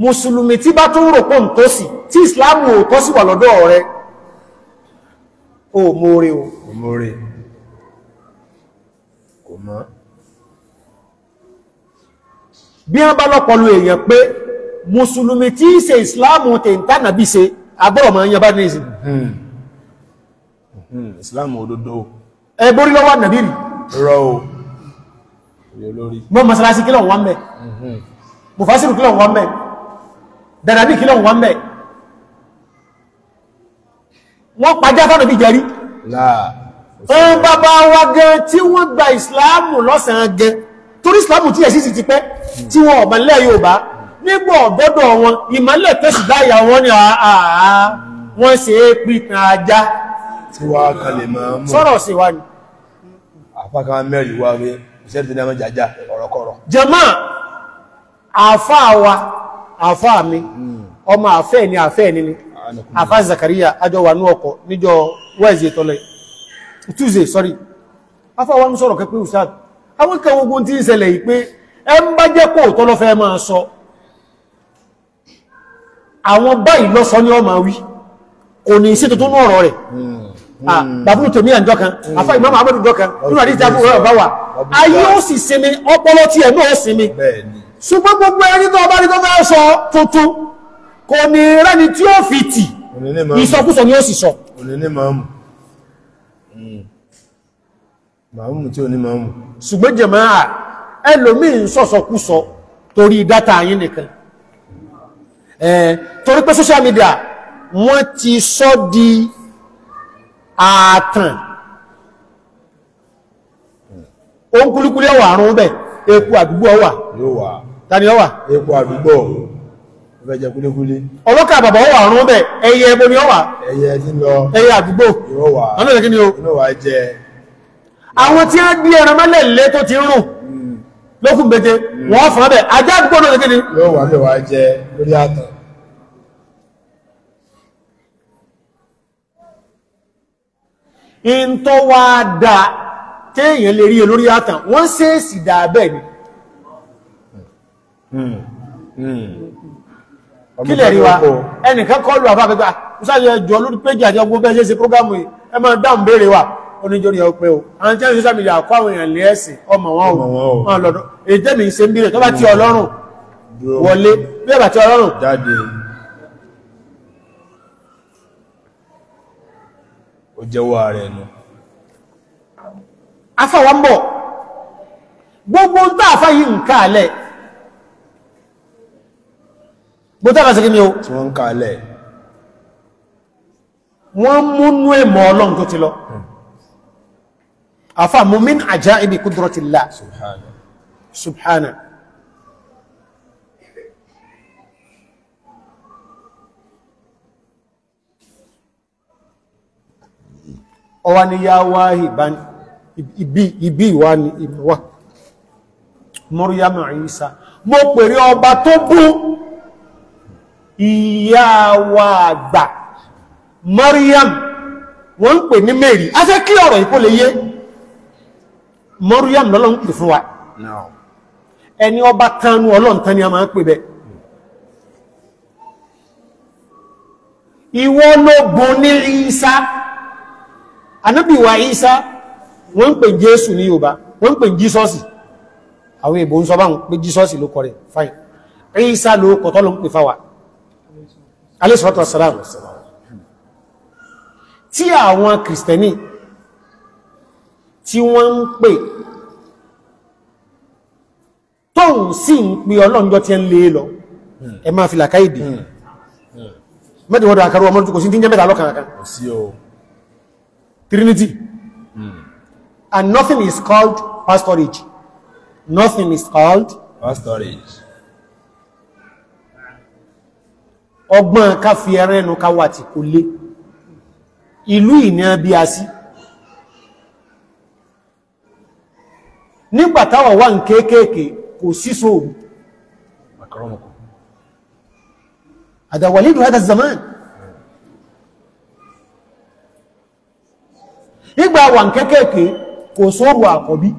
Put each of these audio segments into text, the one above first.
mùsùlùmí tí bá tún rò pọ̀ ń tó sí tí ìsìláàmù ò tọ́ sí wà lọ́dọ̀ rẹ̀ o mọ́re o mọ́re kò mọ́ bí wọ́n bá lọ́pọ̀lú èèyàn pé mùsùlùmí tí í ṣe ìsìláàmù tèntà nàbí ṣe agbọ́rọ̀ ma ń yẹba ní ìsìn hmm. hmm. ìsìláàmù òdodo ẹgbórí lọ́wọ́ nàbí rí rọ́ o mọ́ masalasi kílọ̀ wọ́n mẹ́ mhm. mufasiru kílọ̀ wọ́n mẹ́ dàdàbí kílọ̀ wọ́n mẹ́ wọ́n pàjá fánà bí jẹrí ọ̀n bàbá wa gan tí wọ́n gba ìsìláàmù lọ́sàn gan torí ìsìláàmù tí ẹ̀sí sì ti pẹ́ tí wọ́n ọ̀mọ̀lẹ́ Yorùbá nígbọ̀ ọ̀gbọ́dọ̀ wọn ìmọ̀lẹ̀ tẹ́sì dáyà wọn ni àà wọ́n ṣe é pín ajá tí wọ́n kalẹ̀ máa mọ̀ sọ́rọ̀ sí wa ni àpákan mẹ́rin wá rí iṣẹ́ tí ní ọmọ jàjà ọ̀rọ̀kọ̀rọ̀. jama àfá wa àfá mi ọmọ àfẹ́ ni àfẹ́ ni ni àfá Zakaria ajọ wà ní ọkọ̀ níjọ Wednesday tọ́lẹ̀ Tuesday sorry afá wa ń sọ̀rọ̀ kẹ́pẹ́ ustad àwọn kan ogun tí ń ṣẹlẹ̀ yìí pé ẹ ń bá jẹ́ kó tọ́lọ́ fẹ́ máa kò ní sí tuntun ọ̀rọ̀ rẹ̀ hmm bàbúrú tèmi àjọ kan afá ìmọ̀ àmọ́ àmọ́ kan nínú àdíjà fún ọ̀rọ̀ bá wà ayé ó sì sinmi ọpọlọ tí ẹ̀ náà sinmi ṣùgbọ́n gbogbo ẹni tó bá rí tó fẹ́ sọ tuntun kò ní rẹ́ni tí ó fi tì ìsọkúsọ ni ó sì sọ. Hmm. màmú tí ò ní màmú. ṣùgbọ́n jẹ̀mọ́ à ẹlòmíì ń sọ̀sọkúsọ torí dátà yín nìkan torí pé social media wọ́n ti sọ di. So ààtàn ó ń kúlíkúlí ọwà àrùn bẹ̀ epo àdúgbò ọwà tani ọwà epo àdúgbò ọbẹ̀jẹ kúlíkúlí ọlọ́kà bàbá ọwà àrùn bẹ̀ ẹyẹ ẹbọ ni ọwà ẹyẹ tí ẹyẹ àdúgbò ìrọwà o ìrọwà jẹ àwọn tí wọ́n gbé ẹran mọ́lẹ̀ lé tó ti ń rùn hmm. lókùn gbèdé hmm. wọ́n fọ́n bẹ̀ ajá àdúgbò náà kí ni yóò wà lè wá jẹ in tó wá dá téèyàn lè rí e lórí àtàn wọ́n ṣèèsì dà bẹ́ẹ̀ ni hmm. Hmm. kí lè rí wa ẹnìkan kọlu àfáàfẹ́gbà ah, sáyẹ jọ lórí péjì àti ọgbọ́n bẹ́ẹ̀ ṣe prógámù yìí ẹ máa dáhùn béèrè wa oníjọ́ ni ọpẹ́ o àwọn tí wọ́n ṣe sàmìlì àkọ́ àwọn èèyàn lé ẹ̀sìn ọmọ wọn o wọn lọ́dọ̀ èdè mi ń ṣe ń bírè tó bá ti Ọlọ́run wọlé bí ẹ bá ti Ọlọ́run jáde ó jẹ́wọ́ ààrẹ nù afáwa ń bọ̀ gbogbo ń tàà fáyí nǹkan alẹ́ gbogbo tàà sí kí ni o tí wọ́n ń ka wọ́n múnú ẹ̀mọ̀ ọlọ́run tó ti lọ hmm. afá mú min ajaibi kudratillah subhana subhana ọwá ní yá wá ibi ìwá ni ìwá mọ́ríyámọ̀ ìsá mo pèrè ọba tó bú ìyá wa àgbà mọ́ríyám wọ́n ń pè ní Mary a fẹ́ kí ọ̀rọ̀ ìkó lè yé mọ́ríyám lọ́lọ́ ẹni ọba tánú ọlọ́ntán ni a máa ń pè bẹ anábì wa Ìsá wọ́n ń pè Jésù ní Yorùbá wọ́n ń pè Jísọ́sì àwọn ìbò ń sọ báhùn pé Jísọ́sì ló kọrẹ̀ fine Ìsá ló kọ̀tọ́ ló ń pè fáwà alayhi salatu wassalam tí àwọn kìrìsìtẹ́nì tí wọ́n ń pè tóhùn sí ń pè ọlọ́njọ́ tí ń lè lọ ẹ máa fi làkáìdì hmm. hmm. mẹ́tẹ̀wọ́dọ̀ àkàrọ̀ ọmọdún kò sí tí ń jẹ́ mẹ́ta lọ́kànkan Trinity. Mm. And nothing is called pastorage. Nothing is called pastorage. Ọgbọ́n ká fi ẹran ẹnu ká wà tí kò lé. Ìlú ìní bí a sí. Nígbà táwa wà ń kéékèèké kò sí sóòrù. Àdàwàlídùn hádà zaman. nígbà wà kékèké kò sóòrò àkọ́bí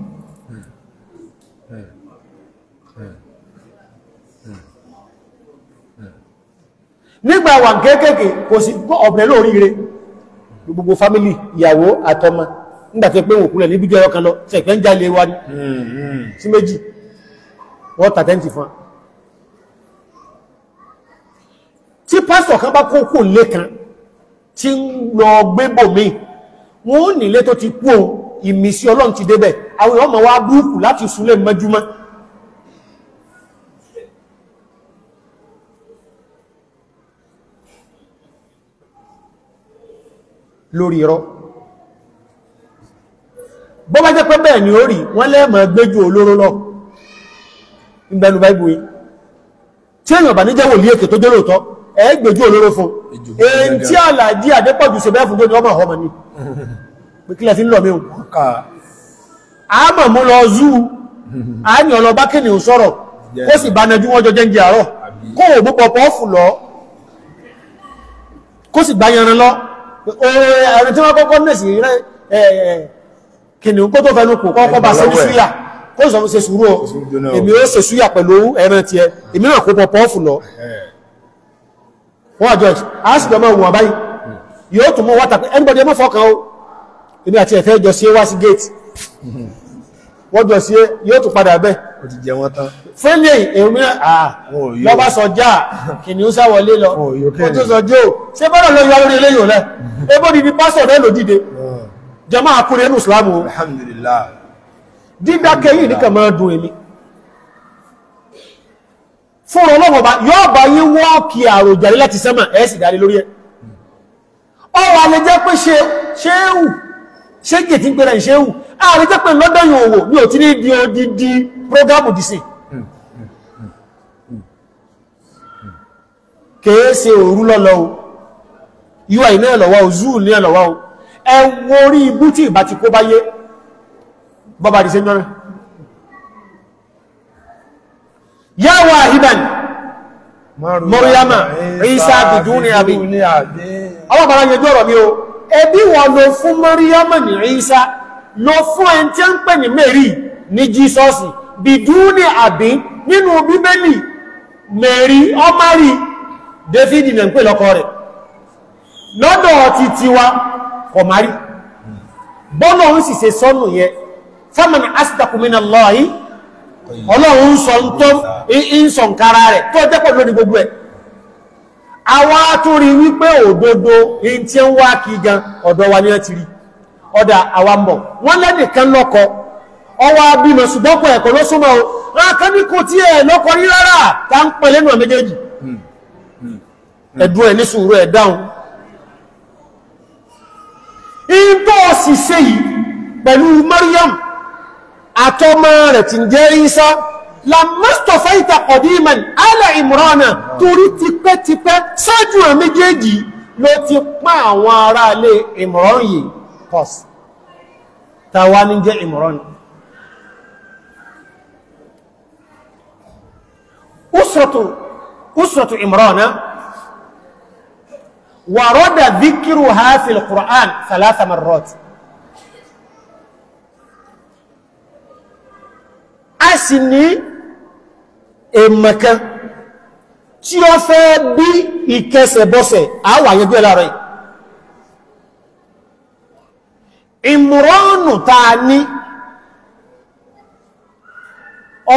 nígbà wà kékèké kò sí ọ̀bẹ̀ lórí rẹ̀ gbogbo fámílì ìyàwó àtọmọ nígbàtí pé òkú rẹ̀ níbi jẹ́ ọkàn lọ tẹ̀kẹ́ ń jálẹ̀ wá ní sí méjì wọ́n tàtẹ́ntì fún tí pásítọ̀ kan bá kókò lẹ́kan tí ń lọ gbébò míì wọ́n ó nílé tó ti kú o ìmísí ọlọ́run ti débẹ̀ àwọn ọmọ wa búrúkù láti súnlẹ̀ mọ́júmọ́ lórí irọ́ bọ́bá jẹ́ pé bẹ́ẹ̀ ni ó rí wọ́n lẹ́ẹ̀mọ̀ gbéjú olóró lọ ìbẹ̀lú báìbù tí èyàn bà ní jẹ́ wòlíèkè tó jẹ́ lóòtọ́ ẹ gbèjú olóró fún èyí tí àlàjí àdépọ̀jù ṣe bẹ́ẹ̀ fún tó ní ọmọ ọmọ ní pẹ̀kílẹ̀ tí ń lọ mí àmọ̀ mú lọ zú àáyàn lọ bá kìnnì sọ̀rọ̀ kó sì bá najú wọ́n jọ jẹ́ àárọ̀ kó o bú pọ̀pọ̀ fù lọ kó sì gbá yanran lọ ọ̀rẹ́ tí wọ́n kọ́kọ́ nẹ̀sì kìnnì kó tó fẹnu kò kọ́kọ́ bá sẹ́jú síyà kó sọ fún ṣe sùúrù èmi ó ṣe súyà pẹ̀lú ẹran tiẹ̀ èmi náà kó pọ̀pọ̀ fù lọ wọ́n àjọ ẹ̀sì a sì gbọ́mọ̀ wọ̀n báyìí yóò tún mọ́ wátà pé anybody ẹmọ́ fọ́kàn o èmi àti ẹ̀fẹ́ jọ sí wá sí gate wọ́n jọ sí yóò tún padà bẹ́ fẹ́lẹ̀ èmi lọ́bá sọ já kìnnì ó sáwọlé lọ kò tó sọ jó ṣé bọ́dọ̀ lọ yọ orí eléyìn rẹ̀ ebó di di pásọ̀ rẹ̀ lòdìde jàmáà àkúrẹ́ nù Islam o dídákẹ́ yìí ní kàn máa dùn èmi fún ọlọ́wọ̀n bá yóò bá yí wọ́ọ̀kì àròjàrí láti sẹ́mà ẹ̀ sì dáre lórí ẹ̀ ọwà lè jẹ́ pé ṣéhù ṣe gẹ̀tí ń pẹ̀rẹ̀ ṣéhù ààrẹ jẹ́ pé lọ́dọ̀ yóò ní òtí ní di odidi prógámù dìsí kèése òru lọ́lọ́ o yíwa iná ẹ̀lọ́wọ́ o zoo ní ẹ̀lọ́wọ́ o ẹ wo orí ibú yá wahiban mọ́ríyámà ìsá bìdúnì àbí ọwọ́ bàrá yẹjú ọ̀rọ̀ mi o ẹbí wọ́n lọ fún mọ́ríyámà ní ìsá lọ fún ẹn tí a ń pè ní Mary ní jísọ́sì bìdúnì àbí nínú bíbélì Mary ọmárì David nà ń pè lọ́kọ rẹ̀ lọ́dọ̀ ti tiwa kọ̀márì bọ́nà ń sì se sọ́nù yẹ faman asdaqu minallahi ọlọ́run ń sọ tó ń sọ nkara rẹ̀ tó jẹ́ pẹ̀lú ní gbogbo ẹ̀ àwọn atúrí wípé òdodo in tí ń wá kí gan ọ̀dọ̀ wa ní ẹ ti rí ọ̀dà àwa wọ́n lẹ́nìkan lọ́kọ ọwọ́ abímọ̀ ṣùgbọ́n ẹ̀kọ́ àtọ́mọ́ rẹ̀ ti jẹ́ ìsá lamọ́stọ̀fẹ́ ìtàkọ̀díman ala imrana torí tipẹ́tipẹ́ sáájú àwọn méjèèjì ló ti pán àwọn ará alé imran yìí pọ̀s tàwa ní jẹ́ imran usratu usratu imrana wàrọ́dà dhikruha fil Qur'an thalatha marrat a sì ní èmọ̀kan tí ó fẹ́ bí ìkẹsẹ̀bọ́sẹ̀ àwà yẹgbẹ́ láàrẹ̀ ìmúrọ́nù ta ní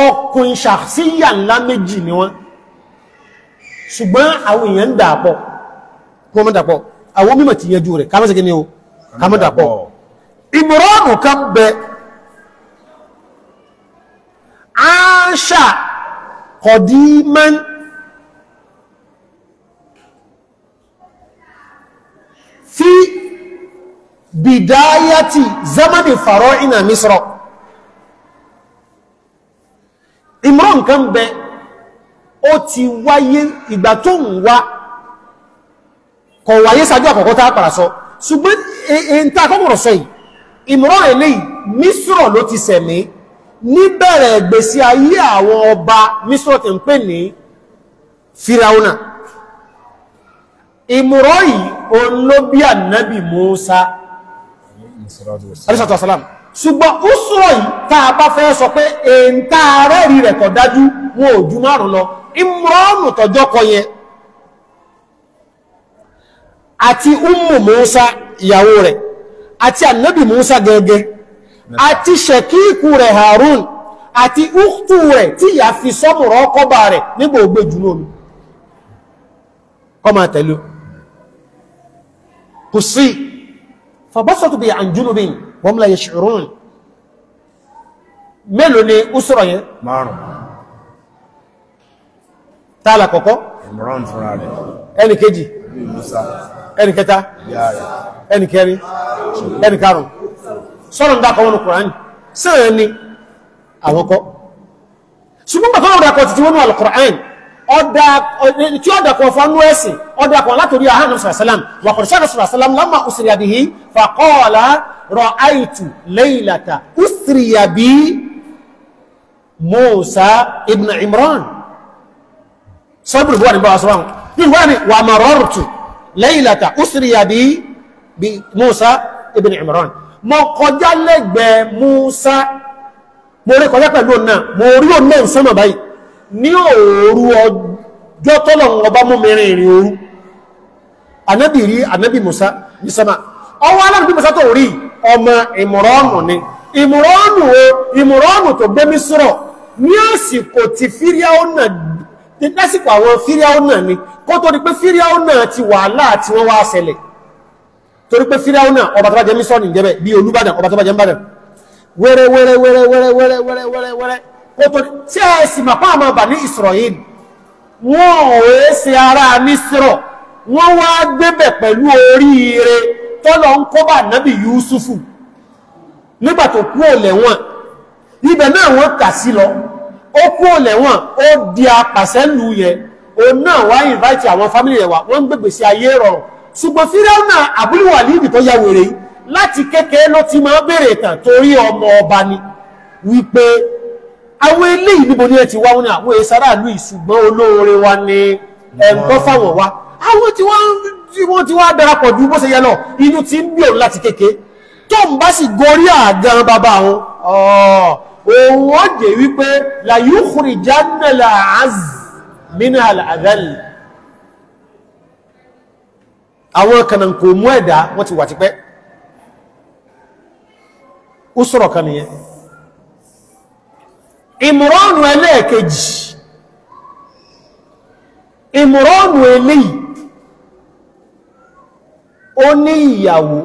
ọkùn ṣàṣíyà ńlá méjì ni wọ́n ṣùgbọ́n àwọn èèyàn ń dàpọ̀ kó mọ́ dàpọ̀ àwọn mímọ̀ ti yẹjú rẹ̀ kámọ́sẹ̀kẹ́ ni ó kámọ́ dàpọ̀ ìmúrọ́nù kan bẹ aṣà kọ̀dímán fi bidayati zamani fara'ina misra imran kan bẹ ó ti wáyé ìgbà tó ń wá kọ̀ wáyé sájú àkọ́kọ́ tá pàrà sọ ṣùgbọ́n èyí e, e, tí a kọ́kọ̀rọ̀ sọ yìí imran eléyìí misra ló ti sẹ̀mí níbẹ̀rẹ̀ ìgbésí ayé àwọn ọba mísọ́tẹ̀ ń pè ní firauna ìmúrọ̀ yìí olóbí ànábì Mùsá alẹ́sàtọ̀sálàm ṣùgbọ́n ó sọ́rọ̀ yìí tá a bá fẹ́ sọ pé èyí tá a rẹ́rí rẹ̀ tọ̀ dájú wọn ò ju márùn lọ ìmúrọ̀nù àti ṣẹ̀kíkù rẹ̀ Harun àti uktu rẹ̀ tí ìyá fi sọ́mùrọ̀ ọkọ́bà rẹ̀ nígbà ògbé jùlọ omi kọmọ àtẹ̀lú kò sí fọ̀bọ́sọ̀tù bí àjúnubin wọ́n mla yash'urun mélòó ni ó sọ̀rọ̀ yẹn márùn tààlà kọ̀kọ́ Imran fúnra rẹ̀ ẹnìkejì sọ́nà dákọ̀ wọn kùránì sáà ni àwọn kọ́ ṣùgbọ́n bàtọ́ náà dákọ̀ títí wọnú alkùránì tí ó dákọ̀ fánú ẹ̀sìn ọdákọ̀ látòrí àhánà sàrásálàm wàkọ̀ṣẹ́rẹ̀ sàrásálàm lámà òsìrìyàbí fàkọ́ọ̀lá rọ̀ àìtù lẹ́ìlàtà òsìrìyàbí Musa ibn Imran sọ́bùrù bọ́wà ní bá aṣọ́wọ́n ní wọ́n ni wà marọ́rùtù lẹ́ìlàtà òsìrìyàbí Musa ibn Imran mo kọjá lẹ́gbẹ̀ẹ́ Musa mo rí kọjá pẹ̀lú ọ̀nà mo rí ọ̀nà ìsọ́nà báyìí ní òru ọjọ́ tọ́lọ̀ ọba mú mi ìrìn òru anábì rí anábì Musa ní sọ́mà ọwọ́ alábì Musa tó rí ọmọ ìmùrọ́ọ̀nù ni ìmùrọ́ọ̀nù o ìmùrọ́ọ̀nù tó gbé mi sọ̀rọ̀ ní àsìkò ni kó tó di pé fíríáọ́nà ti torí pé fíráúnà ọba tó bá jẹ́ mísọ́ọ̀nì jẹ́bẹ̀ bí olúbàdàn ọba tó bá jẹ́ mbàdàn wẹ́rẹ́ wẹ́rẹ́ wẹ́rẹ́ wẹ́rẹ́ wẹ́rẹ́ wẹ́rẹ́ wẹ́rẹ́ wẹ́rẹ́ kó tí a sì mà pa àmà bà ní Israel wọn ò é ṣe ara mísírọ̀ wọ́n wá gbébẹ̀ pẹ̀lú oríire tọ́lọ ń kó bà nábì Yusufu nígbà tó kú òlẹ̀wọ̀n ibẹ̀ náà wọ́n kà sí lọ ó kú òlẹ̀wọ̀n ó di apàṣẹ lù òun náà wá invite àwọn family rẹ̀ wá wọ́n ń gbègbè sí ayé rọrùn ṣùgbọ́n fíráúnà àbúlùwà líìdì tó ya wèrè yìí láti kékeré ló ti máa bèèrè ìtàn torí ọmọ ọba ni wípé àwọn eléyìí níbo ní ẹ ti wá wọn ni àwọn èsàrà ìlú ìṣùgbọ́n olóore wa ni ẹ̀ńkọ́ fáwọn wa àwọn tí wọ́n ti wá darapọ̀ ju bó ṣe yẹ lọ inú ti ń bí láti kékeré tó ń bá sì gorí àgan bàbá wọn òun ó wípé la yukhrijanna al-azz min al-adhall àwọn kanan kò mú ẹ̀dá wọ́n ti wà ti pẹ́ ó sọ̀rọ̀ kan nìyẹn ìmùránù ẹlẹ́ẹ̀kejì ìmùránù eléyìí ó ní ìyàwó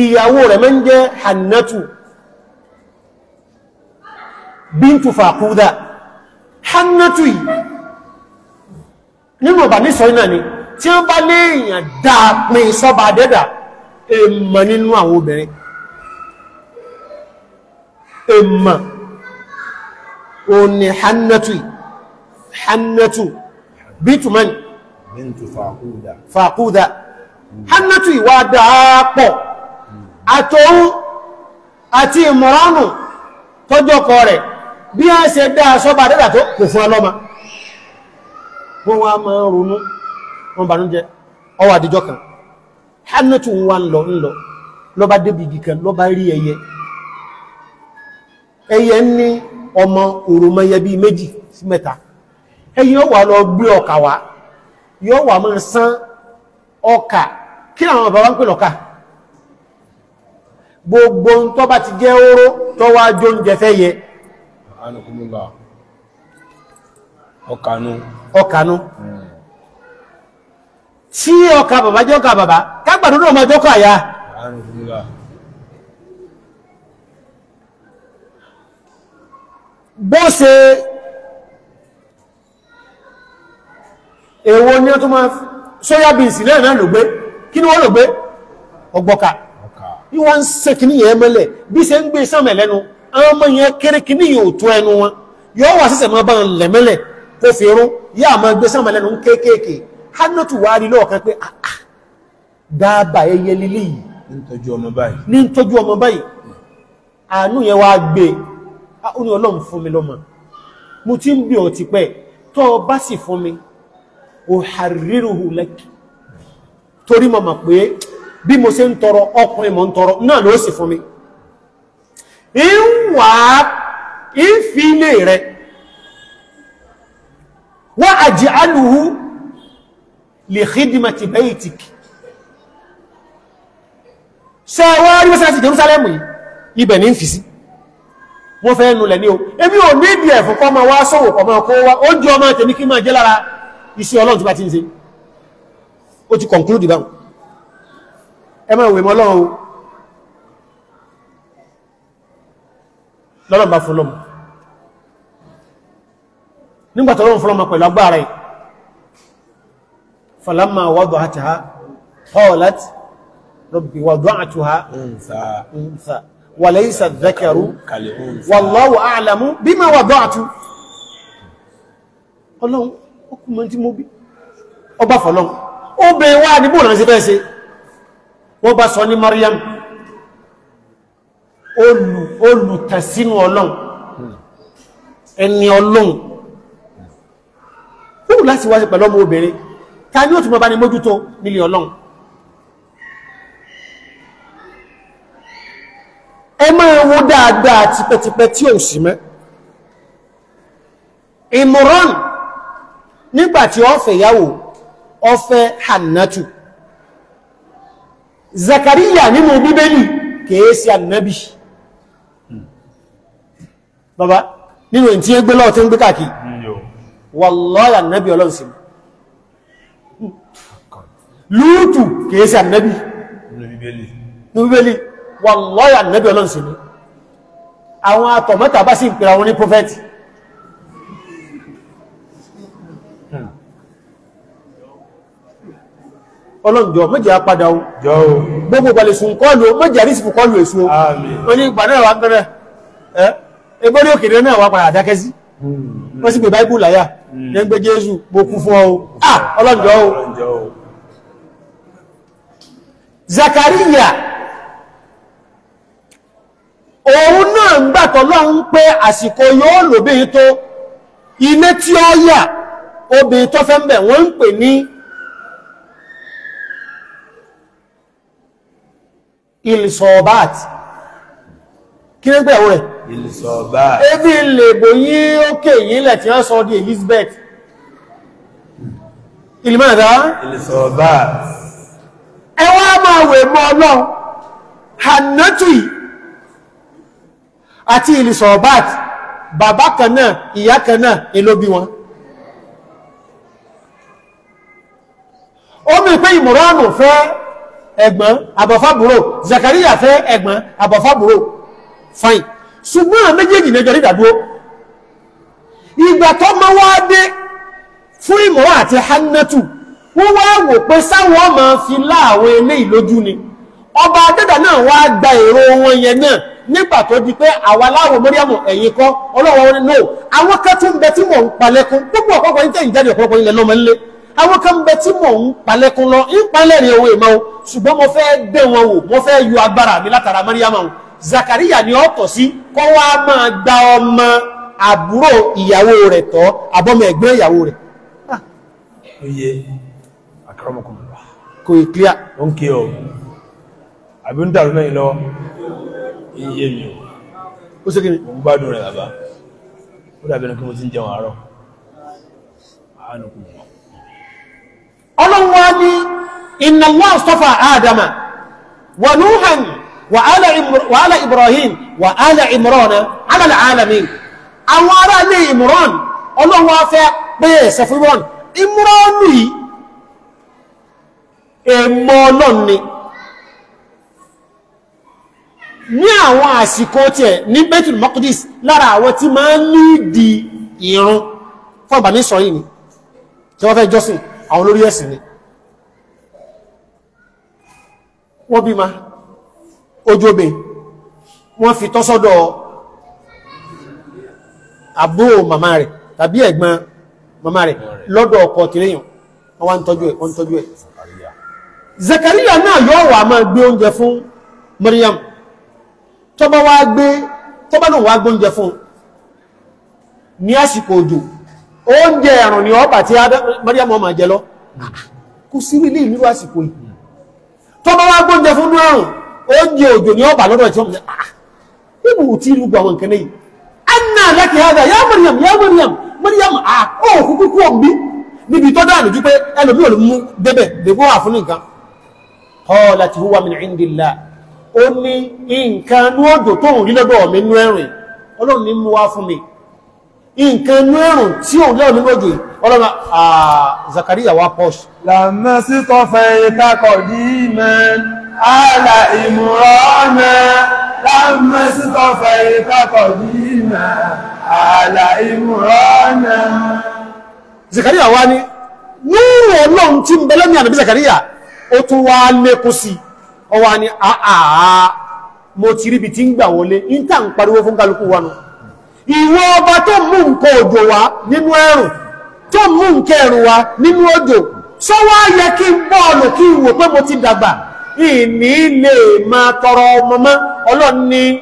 ìyàwó rẹ̀ mẹ́ ń jẹ́ hannatu bíntu fàkúdà hannatu yìí nínú ọ̀bà nísọ̀ iná ni tí wọ́n bá lé èèyàn dáapin sọ́ba adẹ́dà èèmọ̀ nínú àwọn obìnrin èèmọ̀ òní hannatu hannatu bituman bintu fàkúdà fàkúdà hannatu ìwà dáapọ̀ àtòun àti ìmọ̀ránù tọ́jọ́kọ rẹ̀ bí a ṣe dáa sọ́ba adẹ́dà tó kò fún ọlọ́mọ wọ́n wá máa ń ronú wọn bànújẹ́ ọwọ́ àdíjọ́ kan hannatu ń ń lọ ń lọ lọ bá débi kan lọ bá rí ẹyẹ ẹyẹ ní ọmọ òròmọyẹ bíi méjì sí mẹ́ta ẹyẹ wà lọ gbé ọkà wá wà máa gbogbo ń tọ́ bá ti jẹ́ oró ọkànú ọkànú hmm. tí ọkà bàbá jẹ́ ọkà bàbá kágbàdo náà máa jọ́kọ̀ àyà bó ṣe èwo ní ó tó máa sóyá bí ìsìnlẹ̀ náà lò gbé kí ni wọ́n lò gbé ọgbọ́ka ìwọ́n ń ṣe kìíní yẹn mẹ́lẹ̀ bí ṣe ń gbé sánmẹ̀ lẹ́nu àwọn ọmọ yẹn kéré kìíní yóò tó ẹnu wọn yóò wà sísẹ̀ mọ́ bá ń lẹ̀mẹ́lẹ̀ ó fi rún yá àmọ́ gbé sánmà lẹ́nu ń kéékèèké hannatu wà rí lọ́ọ̀kan pé ah, ah, dáàbà ẹyẹ lílé yìí ní tọ́jú ọmọ báyìí àánú yẹn wá gbé ah, ó ní ọlọ́run fún mi lọ́mọ mo ti ń bí ọ̀ ti pẹ́ tọ́ ọ bá sì fún mi ò hàrírùhù lẹ́kì torí mo pé bí mo ṣe ń tọrọ ọkùnrin mọ̀ ń tọrọ náà ló sì fún mi ń wà rẹ̀ wa aj'aluhu li khidmati baytik ṣe wọ́n rí mẹ́sàn sí Jerusalem yìí ibẹ̀ ní fi sí wọ́n fẹ́ nulẹ̀ ní o ebi ò ní ìdí ẹ̀fún kọ́ ma wá sọ́wọ́ kọ́ ma kó wá ó jọ ọmọ tẹ̀mí kí máa jẹ́ lára iṣẹ́ Ọlọ́run nígbàtí ọlọ́run fọ́lọ́mà pẹ̀lú agbára ẹ̀ falamma wọ́dọ̀ àti ha qalat rabbi wọ́dọ̀ àti ha ǹsà wa laysa dhakaru wallahu a'lamu bima wọ́dọ̀ àti ọlọ́run ọkùnmọ̀ tí mo bí ọba fọ́lọ́run ó bẹ ẹni ọlọ́run kúrò láti wáṣẹ pẹ̀lú ọmọ obìnrin ta ni ó tún mọ bá ní mójútó nílé ọlọ́run ẹ máa wo dáadáa tipẹ́tipẹ́ tí ò sí mẹ́ ìmọ̀ràn nígbàtí ó fẹ́ yàwó ó fẹ́ hannatu zakariya nínú bíbélì kèé sí annabi hmm. baba nínú ìtí ẹgbẹ́ lọ́ọ̀ tí ń gbé káàkiri hmm wàlọ́yà nẹ́bí ọlọ́sìn lúùtù kìí sí ànẹ́bí níbíbélì wàlọ́yà nẹ́bí ọlọ́sìn àwọn atọ̀mẹ́ta bá sì ń pèrà wọn ní prọfẹ́tì hmm. ọlọ́njọ́ méjì apadà o gbogbo balẹ̀ sùn kọlù méjì àrísìkò kọlù èso oní ìgbà náà wà ń bẹ̀rẹ̀ ẹgbẹ́rí òkèrè náà wà padà dákẹ́ sí Hmm. wọ́n sì gbé báíbù láyà hmm. ní ń gbé jésù bó kú fún ọ ah! ah! ọlọ́njọ́ o zakariya òun náà ń gbàtọ̀ lọ́hún pé àsìkò yóò lòbí tó iná tí ó yà obìnrin tó fẹ́ ń wọ́n ń pè ní ilsọ̀ọ̀bát kí ní gbẹ̀wọ̀ rẹ̀ ìlìsọ̀bá. ebi ìlèbò yí òkè yìí lẹ̀ tí wọ́n sọ di Elizabeth ìlìmọ̀dá ìlìsọ̀bá ẹwà máa wè mọ́ ọlọ́run hannatui àti ìlìsọ̀bá bàbá kan náà ìyá kan náà elóbi wọn ó mìí pé ìmọ̀ránù fẹ́ ẹ̀gbọ́n àbọ̀fábúrò Zakariya fẹ́ ẹ̀gbọ́n àbọ̀fábúrò fine ṣùgbọ́n àwọn méjèèjì ní ẹjọ́ dídàdúró ìgbà tó mọ́ wá dé fún ìmọ̀ àti hannatu wọ́n wá wò pé sáwọn ọmọ fi láàwọn eléyìí lójú ni ọba adẹ́dà náà wá gba èrò wọn yẹn náà nígbà tó di pé àwa láwọn mọ́ríàmù ẹ̀yìn kọ́ ọlọ́wọ́ wọn no àwọn kan tún bẹ tí mò ń palẹ́kún púpọ̀ ọ̀pọ̀pọ̀ yín tẹ̀yìn jáde ọ̀pọ̀pọ̀ yín lẹ lọ́mọ nílé àwọn kan bẹ tí mò ń palẹ́kún lọ ń palẹ́rìn owó ìmọ̀ o ṣùgbọ́n mo fẹ́ dẹ̀ wọn wò mo fẹ́ yọ agbára mi látara mọ́ríàmù Zakaria ni ọ̀tọ̀ sí kọ́ wá máa gba ọmọ àbúrò ìyàwó rẹ̀ tọ́ àbọ́mọ ẹ̀gbọ́n ìyàwó rẹ̀ ah. oye akọrọmọkùnlọ kò ìkíyà ó ń kí ọ àbí ń dàrú náà lọ iye mi ó sì kìí ń gbádùn rẹ̀ bàbá ó dàbí ẹni kí mo ti ń ọlọ́wọ́ ni inna Allah istafa Adama wa Nuhan wàhálà ibrahim wàhálà imran alàlà alamin àwọn ará ilé imran ọlọ́run wá fẹ́ pé ẹ̀sẹ̀ fún imran imran yìí èmọ́ ọlọ́run ni ní àwọn àsìkò tẹ̀ ní Baitul Maqdis lára àwọn tí máa ń ní ìdí ìrun fọ́gbà ní sọ yìí tí wọ́n fẹ́ jọ́sìn àwọn olórí ẹ̀sìn ni wọ́n bí ma ojóbe wọ́n fi tọ́sọ́dọ̀ àbúrò màmá rẹ̀ tàbí ẹ̀gbọ́n màmá rẹ̀ lọ́dọ̀ ọkọ̀ tìrìyàn wọ́n wá ń tọ́jú ẹ̀ wọ́n tọ́jú ẹ̀ Zakariya náà yóò wà máa gbé oúnjẹ fún Maryam tọ́bá wá gbé tọ́bá náà wá gbóúnjẹ fún ní àsìkò òjò oúnjẹ ẹ̀rùn ni ọba tí Maryam máa jẹ lọ kò sí ilé ìlú àsìkò yìí tọ́bá wá gbóúnjẹ fún ní oúnjẹ òjò ní ọba lọ́dọ̀ tí wọ́n mú ah ibù tí ìlú gbọ́ àwọn nǹkan lẹ́yìn anna laki hada ya mariam ya mariam mariam ah ó kúkú kú òbí níbi tó dáa lójú pé ẹlòmí ò lè mú débẹ̀ lè wà fún nìkan qalat huwa min indillah ó ní nǹkan ní òjò tó ń rí lọ́dọ̀ mi nú ẹ̀rìn ọlọ́run ní mú wá fún mi nǹkan inú ẹ̀rùn tí òun lẹ́rùn nínú òjò ọlọ́run àà ah, Zakaria wa posh. làmẹ́sítọ́fẹ́ ìkákọ̀ dìímẹ́ على إمران لما اصطفيت قديما على إمران Zakaria wá ní nínú ọlọ́run tí ń bẹ lẹ́mí ànàbí Zakaria ó mo ti ríbi tí ń gbà wọlé ní tà ń pariwo fún kálukú ìwọ ọba tó mú nǹkan òjò wa nínú ẹ̀rùn tó mú nǹkan wa nínú òjò sọ wá yẹ kí bọ́ọ̀lù kí pé mo ti dàgbà ìní lè máa tọrọ mọ́mọ́ ọlọ́run ní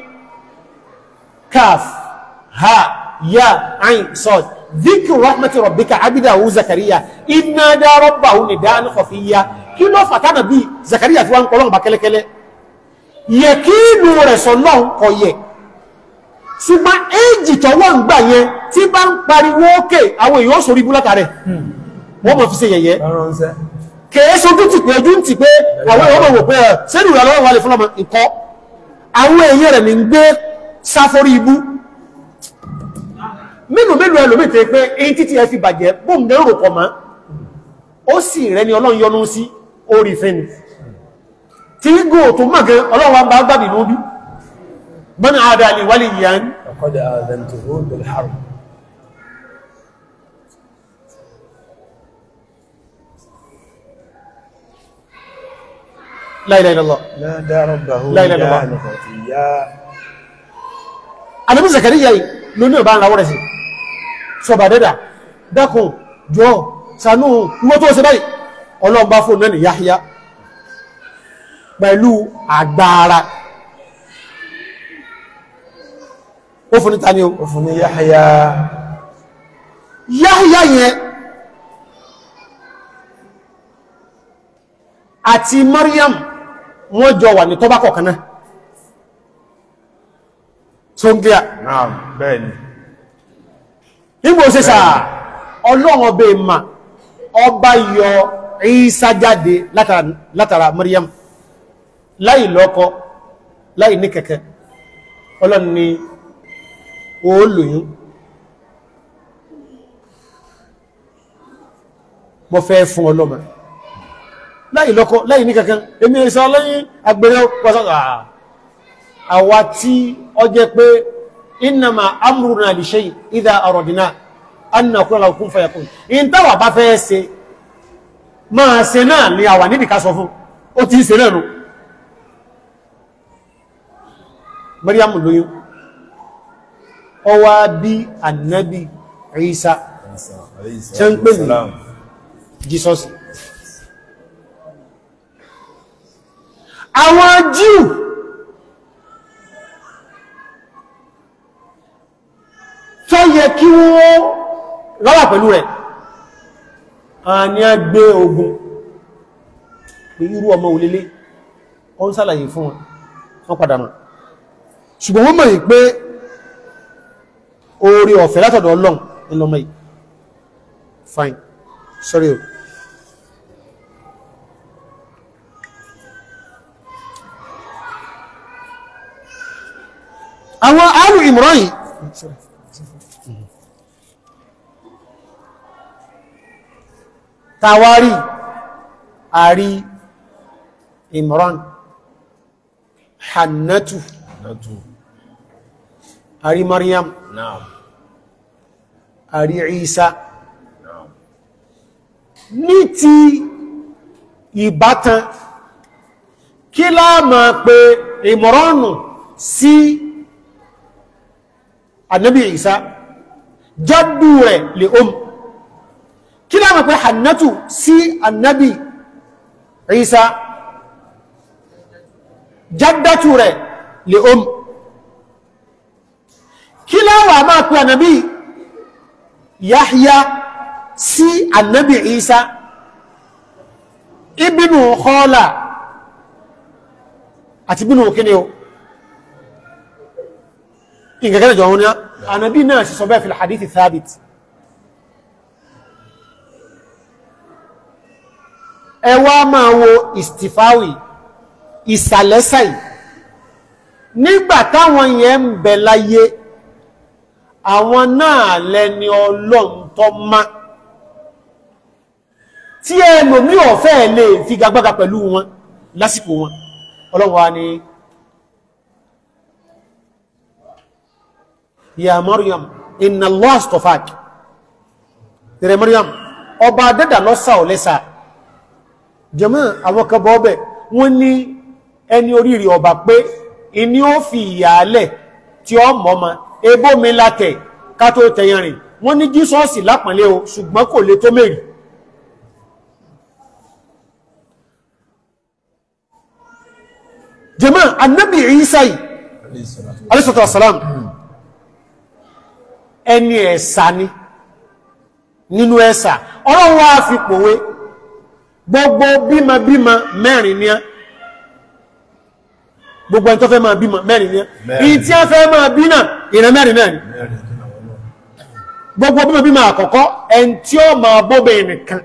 kaf ha ya ain sọ́d dhikru rahmati rabbika abidahu zakariya inna da rabbahu nidan khafiya kí ló fà tánà bí zakariya fi wá ń kọlọ́n bá kẹ́lẹ́kẹ́lẹ́ yẹ kí inú rẹ̀ sọ lọ́hùn kọ yẹ ṣùgbọ́n éèjì tọ́wọ́ ń gbà yẹn tí bá ń pariwo ókè àwọn èèyàn sórí búlátà rẹ̀ hmm. wọ́n mọ̀ fi ṣe yẹ̀yẹ́ kèé sojú ti pé ojú ń ti pé àwọn ìwọ́n mọ̀ pé sẹ́nu eh, ìwà lọ́wọ́ wà lè fún ọmọ nǹkan àwọn èèyàn rẹ̀ ní ń gbé sáfórí ibú mélòó mélòó ẹlòmí tẹ́ pé èyí títí ẹ fi bàjẹ́ bóun dẹ́rù rò pọ̀ mọ́ ó sì rẹ̀ ni ọlọ́run yọ́nú sí orí fẹ́ni tí gò tó mọ̀ gan ọlọ́run wa bá gbàdì lóbi mọ́nà àdàlì wálé yìí La ilaha illallah. La ilaha illallah. Ànábì Zakariya yìí ló ní ọba àràwọ̀ rẹ̀ sí. Sọba dẹ́dà, dákun, jọ, sànú, mọ́ tó ṣe báyìí, ọlọ́ọ̀bá fún náà ni Yahya pẹ̀lú àgbára. Ó fún ní ta ni Ó fún ní Yahya. Yahya yẹn àti Maryam wọ́n jọ wà ní tọ́bá kọ̀ọ̀kan náà tó ń gíà nígbò ṣe sà ọlọ́run ọbẹ̀ ìmà ọba yọ Ìsá jáde látara Maryam láì lọ́kọ láì ní kẹ̀kẹ́ ọlọ́run ni mo fẹ́ fún ọlọ́mọ láì lọ́kọ́ láì ní kankan èmi ẹ̀sà lẹ́yìn agbèrè pàṣẹ àwa tí ọ jẹ́ pé innama na li shay idha aradna an in lahu bá fẹ́ ṣe máa ṣe náà ni àwà nídìí ká sọ fún ó ti ṣe náà Mariam lóyún ọwá bí annabi Isa ṣe ń àwọn Júù tó yẹ kí wọ́n lọ́wà pẹ̀lú rẹ̀ àní ẹgbẹ́ ogun pé irú ọmọ olélé ọ ń sàlàyé fún wọn padà mọ̀ ṣùgbọ́n wọ́n mọ̀ pé oore ọ̀fẹ́ látọ̀dọ̀ Ọlọ́run ẹlọmọ yìí fine sorry àwọn àlù ìmọ̀ràn yìí tàwárí àrí ìmọ̀ràn hannatu àrí maryam àrí isa ní ti ìbátan kí láàmà pé ìmọ̀ràn sí si ànábì Ìsá jádù rẹ̀ lè om um. kí láàmà pé hannatu sí ànábì Ìsá jádàtù rẹ̀ lè om um. kí láwà máa pé ànábì Yahya sí ànábì Ìsá ibinu kọ́ọ́lá àti ibinu kíni o nǹkan kẹ́lẹ̀ jọ ọ̀húnná ànàbí náà sì sọ bẹ́ẹ̀ fi hadithi thabit ẹ wá máa wo istifawi ìsàlẹ́sàì nígbà táwọn yẹn ń bẹ láyé àwọn náà lẹni ọlọ́ntọ́ má tí ẹlòmí ọ̀fẹ́ lè fi pẹ̀lú wọn lásìkò wọn ọlọ́run ni ya Maryam inna Allah astafaki rẹ̀ Maryam ọba dẹ́dà lọ́sà ò lẹ́sà jẹ́mọ́ àwọn kan bọ́ ọbẹ̀ wọ́n ní ẹni oríire ọba pé iní ó fi ìyàálẹ̀ tí ó mọ́ ma ebó mi látẹ̀ ká tó tẹ̀yàn rìn wọ́n ní jísọ́ọ̀sì o ṣùgbọ́n kò lè tó mẹ́rin jẹ́mọ́ annabi Isa alayhi salatu wassalam ẹni ẹ̀sà ni nínú ẹ̀sà ọlọ́run wá fi pòwe gbogbo bímọ bímọ mẹ́rin ní gbogbo ẹni tó fẹ́ máa bímọ mẹ́rin ní ìyí tí a fẹ́ máa bí náà ìran mẹ́rin náà ni gbogbo bímọ bímọ àkọ́kọ́ ẹni tí ó máa bóbẹ̀ nìkan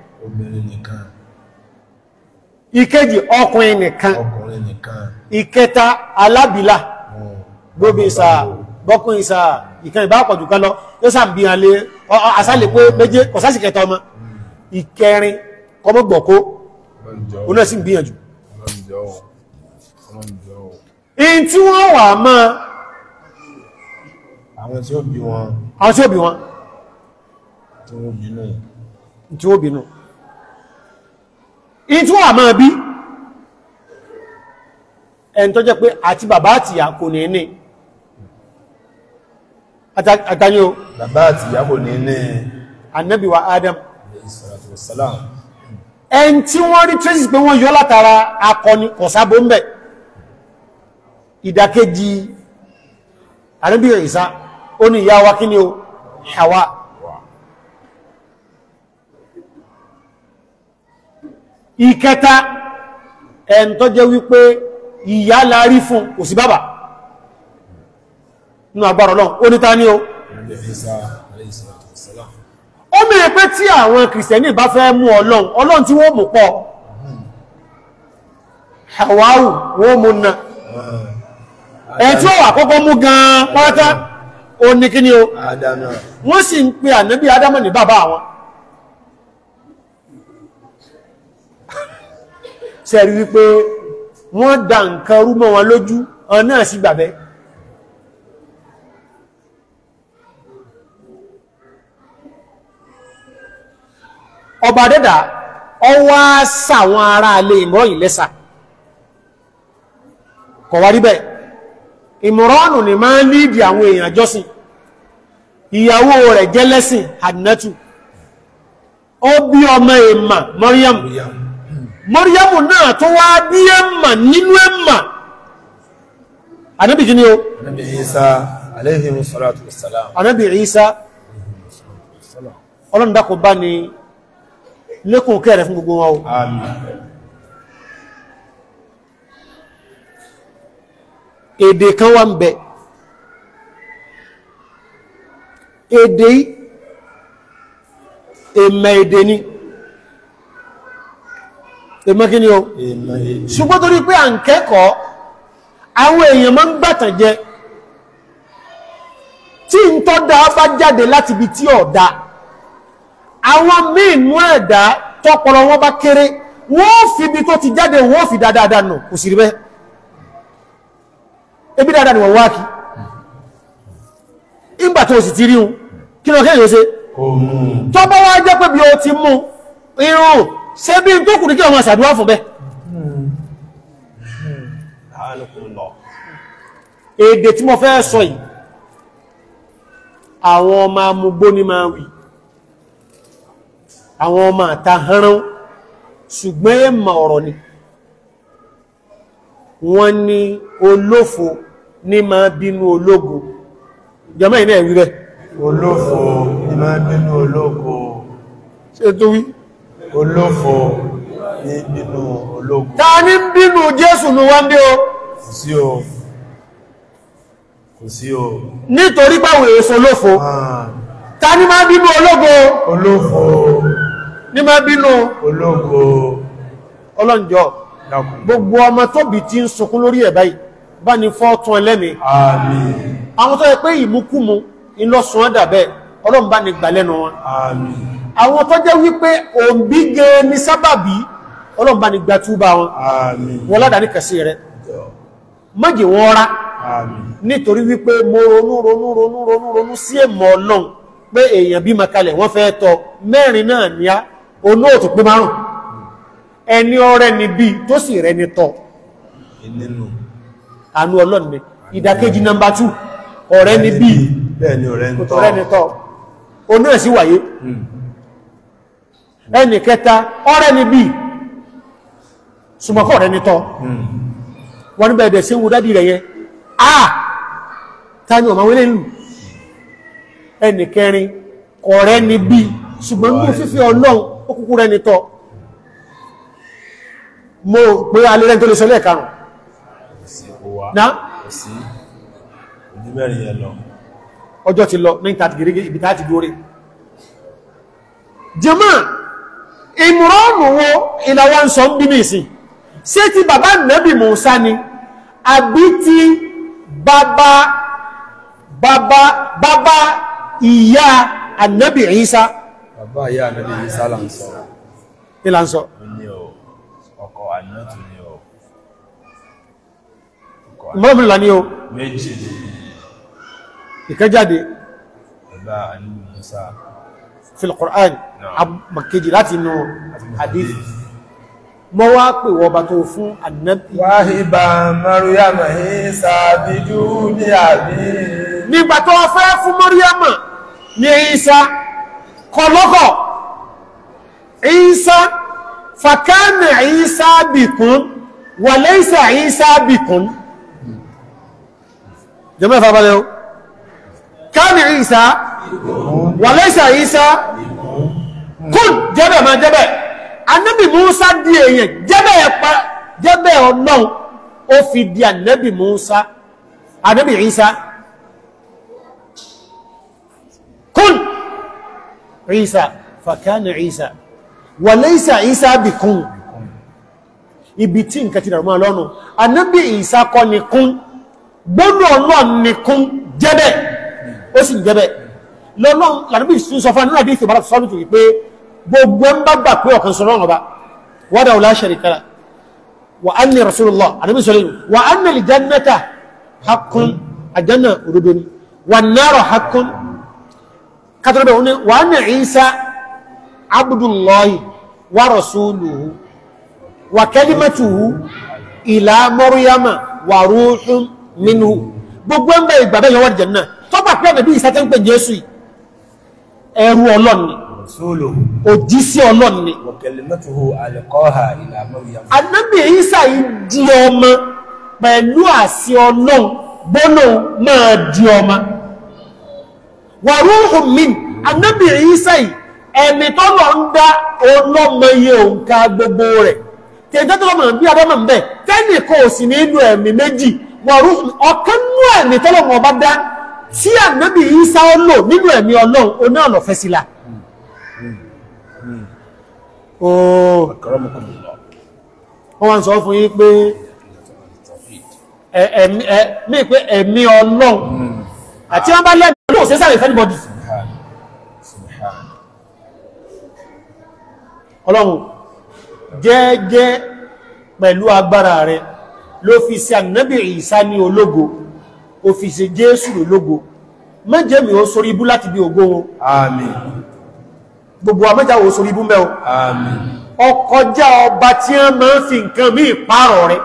ìkejì ọkùnrin nìkan ìkẹta alábìlà gbogbo ìsà bọ́kùn ìsà ìkẹ́ ìbá pọ̀jù kan lọ yóò sàm bí hàn lé àsálẹ̀ pé méje kọ̀sásì kẹta ọmọ ìkẹrin kọmọgbọ̀kó oná sì ń gbìyànjú in tí wọ́n wà mọ́ àwọn tí ó bí wọn àwọn tí ó bí bínú in tí wọ́n wà mọ́ bí ẹni tó jẹ́ pé àti bàbá àtìyà kò ní ní àtàgbáyé o bàbá àti ìyàwó ní ilé ànábì Adam ẹn tí wọ́n rí tracy pé wọ́n yọ látara akọni kọ̀sábó ń bẹ̀ ìdàkejì ànábì Ìsá ó ní ìyá wa kí ni o Hawa ìkẹta ẹn tó jẹ́ wípé ìyá la fún kò bàbá nínú agbára ọlọ́run ó ní ta ní o ó mẹ́rin pé tí àwọn kìrìsìtẹ́nì bá fẹ́ mú ọlọ́run ọlọ́run tí wọ́n mú pọ̀ Hawaù wọ́n mú náà ẹ̀ tí ó wà kọ́kọ́ mú gan-an pátá ó ní kí ni o wọ́n sì ń pe ànábí Ádámọ̀ ní bàbá àwọn sẹ́rí wípé wọ́n dá nǹkan rú mọ́ wọn lójú ọ náà sì gbàbẹ́ ọba dẹ́dà ọwá sàwọn ará ara ìmọ̀ràn yìí lẹ́sà kọwa bẹ́ẹ̀ ìmọ̀ránù ni máa ń lídì àwọn èèyàn jọ́sìn ìyàwó rẹ̀ jẹ́ lẹ́sìn ó bí ọmọ èèmà Mọ́ríyàmù Mọ́ríyàmù náà tó wá bí nínú ni lékún kẹrẹ fún gbogbo wọn o èdè kan wá ń bẹ èdè èmà èdè ni èmà kí ni o ṣùgbọ́n torí pé à ń kẹ́kọ̀ọ́ àwọn èèyàn máa ń gbàtàn jẹ tí ń tọ́ da bá jáde láti ibi tí ọ̀dá àwọn míì nú ẹ̀dá tọpọlọ wọn bá kéré wọ́n fi ibi tó ti jáde wọ́n fi dáadáa nù kò sì rí bẹ́ẹ̀ ebi dáadáa ni wọ́n wá kí ìgbà tó sì ti rí un kí lọ kéèyàn ṣe tọ́bọ́ wá jẹ́ pé bí o ti mú irun ṣe bí n tó kù kí ọmọ ṣàdúrà fún bẹ́ẹ̀ èdè tí mo fẹ́ sọ yìí àwọn ọmọ amúgbó ni máa wì àwọn ọmọ àta hánrán ṣùgbọ́n ẹ mọ̀ ọ̀rọ̀ ni wọ́n ní olófo ní máa bínú ológo jọmọ ìní ẹ̀rí rẹ̀ olófo ní ma bínú ológo ṣe tó wí olófo ní bínú ológo ta ní bínú Jésù ní wọ́n dé o kò sí o kò sí o nítorí pàwọn èso olófo ta ní máa bínú ológo olófo ní máa bínú ológo ọlọ́njọ́ gbogbo ọmọ tóbi tí ń sunkún lórí ẹ̀ báyìí bá ní fọ́ọ̀tún ẹlẹ́mi àmín àwọn tó yẹ pé ìmúkúmu ìlọ́sùn ọ̀dà bẹ́ẹ̀ ọlọ́run bá ní gbà lẹ́nu wọn àmín àwọn tó jẹ́ wípé òǹbí gan ni sábàbí ọlọ́run bá ní gbà túbà wọn àmín wọn ládàá ní kẹsí rẹ mọ́jì wọn rá nítorí wípé mo ronú ronú ronú ronú ronú sí èmọ̀ ọlọ́run pé èèyàn bí makalẹ̀ wọ́n fẹ́ tọ mẹ́rin náà ní á olóòtú pé márùn ẹni ọrẹ ni bí tó sì rẹ ni tọ àánú ọlọ́run ni ìdàkejì nọmbà 2 ọ̀rẹ́ ni bí ọ̀rẹ́ ni tọ onú ẹ̀sí wáyé hmm. ẹni kẹta ọrẹ ni bí sùmọ́kọ́ ọ̀rẹ́ ni tọ hmm. wọ́n níbẹ̀ ẹ̀dẹ̀ sí wo dádì rẹ̀ yẹn ah ta ni ọmọ wẹ́lẹ́ ẹni kẹrin ọ̀rẹ́ ni bí ṣùgbọ́n ní fífẹ́ ọlọ́run ó kúkú rẹ̀ nítọ́ mo pé alẹ́rẹ́ tó lè sọ lẹ́ẹ̀karùn ọjọ́ ti lọ 9:30 gírígí ibi tàà ti dúrí jẹmọ́ ìmúrọ́nù wo ìlàwọ́ ń sọ ń bí ní ìsìn ṣé ti bàbá nẹ́bì Mùsá ni àbí ti bàbá bàbá bàbá ìyá ànẹ́bì Ìsá bàbá ìyá ànábì Ìsá là ń sọ kí là ń sọ. ó ní o ọkọ ànátù ni o. mọ́ọ̀mù là ní o. méjì ni. ìkẹ́jáde. bàbá ànábì Ìsá. fi al-Qur'an láti inú hadith mọ́ wá pè wọba tó fún ànábì wáhíbà fẹ́ fún maríyàmà ní ìsá kọlọ́kọ̀ ìsá fàkánà ìsá bìkún wà lẹ́ìsà ìsá bìkún jẹ́ mẹ́fà balẹ̀ o kánà ìsá wà lẹ́ìsà ìsá kún jẹ́bẹ̀ ma jẹ́bẹ̀ anábì Musa di èyàn jẹ́bẹ̀ ọlọ́run ó fi di anábì Musa anábì ìsá Ìsà fàkánà Ìsà wà lẹ́ìsà Ìsà bì kún ibi tí nǹkan ti dàrùmọ́ lọ́nu anábì Ìsà kọ́ ni kún gbọ́nà ọlọ́ ni kún jẹ́bẹ̀ ó sì jẹ́bẹ̀ lọ́nà lànàbì sọ fún anábì ìfìbára sọ́lù tó wípé gbogbo ẹ̀ ń bá gbà pé ọ̀kan sọ́rọ̀ ọba wọ́dà ọ̀lá ṣẹ̀ríkára wa kátọ́lọ́bẹ̀ wọn ni wà ní Ìsá abdullahi wa rasuluhu wa kalimatuhu ila maryama wa ruhun minhu gbogbo ẹgbẹ́ ìgbàbẹ́ yọwọ́ ìjẹ̀ náà tọ́gbà pé ọ̀nà bí Ìsá tẹ́ ń pè Jésù ẹrú ọlọ́ni òjísí ọlọ́ni wàrúhùn min anábì Ìsá yìí ẹ̀mí tó lọ ń dá ọlọ́mọye òǹkà gbogbo rẹ̀ tẹ̀jọ́ tó lọ́mọ bí adọ́mọ ń bẹ̀ tẹ́nì kò sì nínú ẹ̀mí méjì wàrúhùn ọ̀kan nú ẹ̀mí tó lọ́mọ ọba dá tí anábì Ìsá ó lò nínú ẹ̀mí ọlọ́run oná ọ̀lọ́fẹ́ sí la. wọ́n wá ń sọ fún yín pé ẹ̀mí ọlọ́run hmm. àti wọn bá lẹ́nu ṣe sáré fẹ́ anybody ọlọ́run jẹ́ẹ́jẹ́ pẹ̀lú agbára rẹ̀ ló fi sí ànábì Ìsá ní ológo ó fi sí Jésù ológo mẹ́jẹ̀mí ó sórí ibú láti bí ògo wọn àmín gbogbo àmẹ́jà ó sórí ibú mẹ́ o àmín ọkọjá ọba tí wọ́n máa fi nǹkan mí ìpárọ̀ rẹ̀